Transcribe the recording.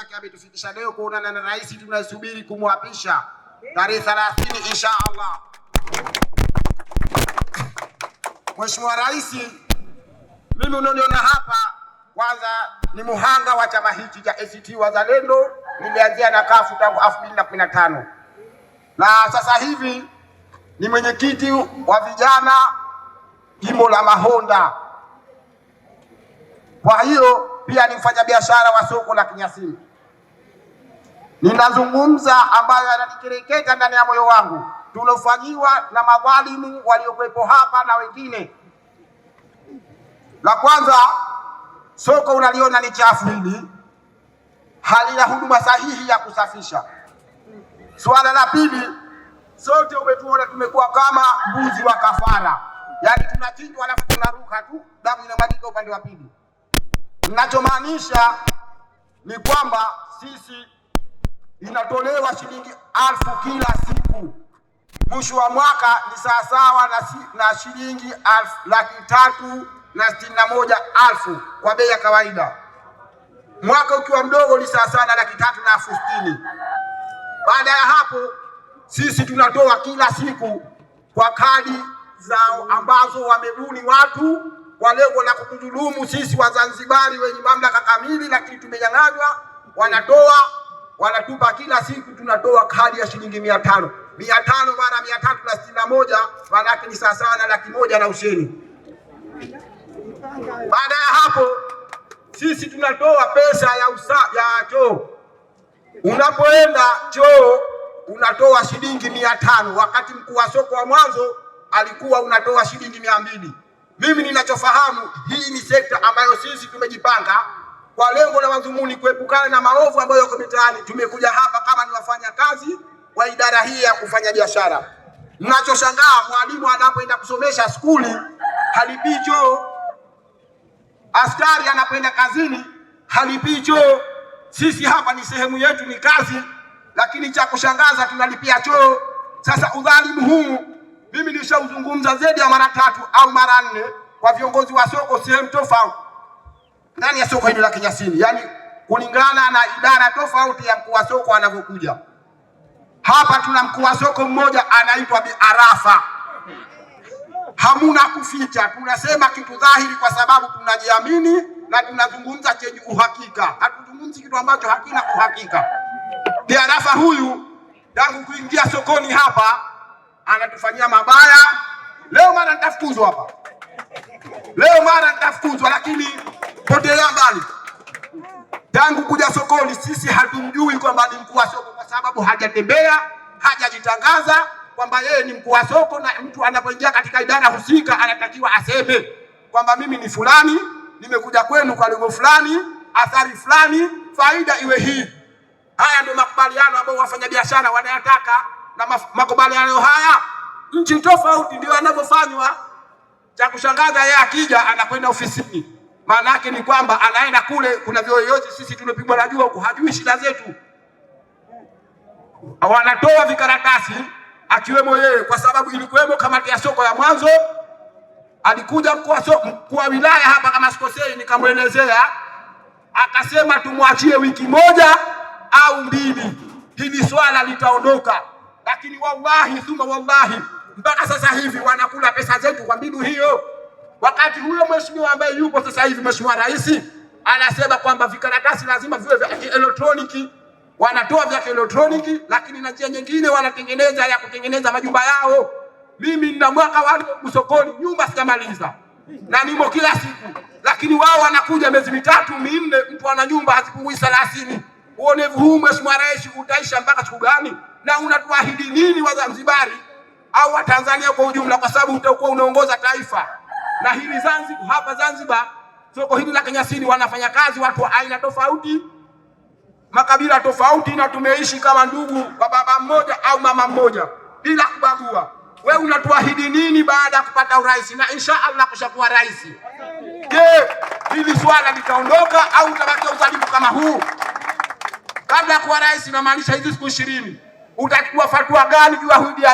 zake ametufikisha leo kuonana na rais, tunasubiri kumwapisha tarehe 30 insha Allah. Mheshimiwa Rais, mimi unaoniona hapa kwanza ni muhanga wa chama hiki cha ACT Wazalendo, nilianzia na kafu tangu 2015 na sasa hivi ni mwenyekiti wa vijana jimbo la Mahonda. Kwa hiyo pia ni mfanyabiashara wa soko la Kinyasini. Ninazungumza ambayo yanatikereketa ndani ya moyo wangu, tulofanyiwa na madhalimu waliokuwepo hapa na wengine. La kwanza, soko unaliona ni chafu hili, halina huduma sahihi ya kusafisha. Swala la pili, sote umetuona tumekuwa kama mbuzi wa kafara, yaani tunachinjwa alafu tunaruka tu, damu inamwagika upande wa pili. Ninachomaanisha ni kwamba sisi inatolewa shilingi alfu kila siku. Mwisho wa mwaka ni sawasawa na, si, na shilingi laki tatu na sitini na moja alfu kwa bei ya kawaida. Mwaka ukiwa mdogo ni sawasawa na laki tatu na elfu sitini. Baada ya hapo sisi tunatoa kila siku kwa kadi zao ambazo wamebuni watu kwa lengo la kutudhulumu sisi Wazanzibari wenye mamlaka kamili, lakini tumenyang'anywa. Wanatoa wanatupa kila siku, tunatoa kadi ya shilingi mia tano mia tano mara mia tatu na sitini na moja maanake ni sawasawa na laki moja na usheni. Baada ya hapo sisi tunatoa pesa ya usa, ya choo. Unapoenda choo unatoa shilingi mia tano wakati mkuu wa soko wa mwanzo alikuwa unatoa shilingi mia mbili. Mimi ninachofahamu hii ni sekta ambayo sisi tumejipanga kwa lengo la madhumuni kuepukana na maovu ambayo yako mitaani. Tumekuja hapa kama ni kazi wa idara hii ya kufanya biashara. Mnachoshangaa, mwalimu anapoenda kusomesha skuli halipii choo, askari anapoenda kazini halipii choo. Sisi hapa ni sehemu yetu, ni kazi, lakini cha kushangaza tunalipia choo. Sasa udhalimu huu mimi nishauzungumza zaidi ya mara tatu au mara nne kwa viongozi wa soko sehemu tofauti ndani ya soko hili la Kinyasini, yaani kulingana na idara tofauti ya mkuu wa soko anavyokuja hapa. Tuna mkuu wa soko mmoja anaitwa Bi Arafa. Hamuna kuficha, tunasema kitu dhahiri kwa sababu tunajiamini na tunazungumza chenye uhakika, hatuzungumzi kitu ambacho hakina uhakika. Bi Arafa huyu tangu kuingia sokoni hapa anatufanyia mabaya. Leo mara nitafukuzwa hapa, leo mara nitafukuzwa, lakini tumeelea mbali. Tangu kuja sokoni sisi hatumjui kwamba ni mkuu wa soko, kwa sababu hajatembea, hajajitangaza kwamba yeye ni mkuu wa soko. Na mtu anapoingia katika idara husika anatakiwa aseme kwamba mimi ni fulani, nimekuja kwenu kwa lengo fulani, athari fulani, faida iwe hii. Haya ndio makubaliano ambayo wafanyabiashara wanayataka, na makubaliano haya nchi tofauti ndio yanavyofanywa. Cha kushangaza, yeye akija anakwenda ofisini maana yake ni kwamba anaenda kule, kuna vyoyozi sisi tunapigwa na jua huko, hajui shida zetu. Wanatoa vikaratasi akiwemo yeye, kwa sababu ilikuwemo kamati ya soko ya mwanzo. Alikuja mkuu wa wilaya hapa, kama sikosei, nikamwelezea akasema, tumwachie wiki moja au mbili, hili swala litaondoka. Lakini wallahi thumma wallahi, mpaka sasa hivi wanakula pesa zetu kwa mbinu hiyo. Wakati huyo mheshimiwa ambaye yupo sasa hivi, mheshimiwa rais anasema kwamba vikaratasi lazima viwe vya kielektroniki, wanatoa vya kielektroniki, lakini na njia nyingine wanatengeneza ya kutengeneza majumba yao. Mimi nina mwaka wa sokoni, nyumba sijamaliza na nimo kila siku, lakini wao wanakuja miezi mitatu minne, mtu ana nyumba hazipungui 30. Uonevu huu mheshimiwa rais utaisha mpaka siku gani? Na unatuahidi nini Wazanzibari au Watanzania kwa ujumla? Kwa sababu utakuwa unaongoza taifa na hili Zanzibar, hapa Zanzibar soko hili la kenyasini wanafanya kazi watu wa aina tofauti, makabila tofauti, na tumeishi kama ndugu kwa baba mmoja au mama mmoja bila kubagua. We unatuahidi nini baada ya kupata urais na insha Allah kushakuwa rais? Je, hili swala litaondoka au utabaki uzalifu kama huu? Kabla ya kuwa rais, namaanisha hizi siku ishirini, utachukua fatua gani juu ya Hudi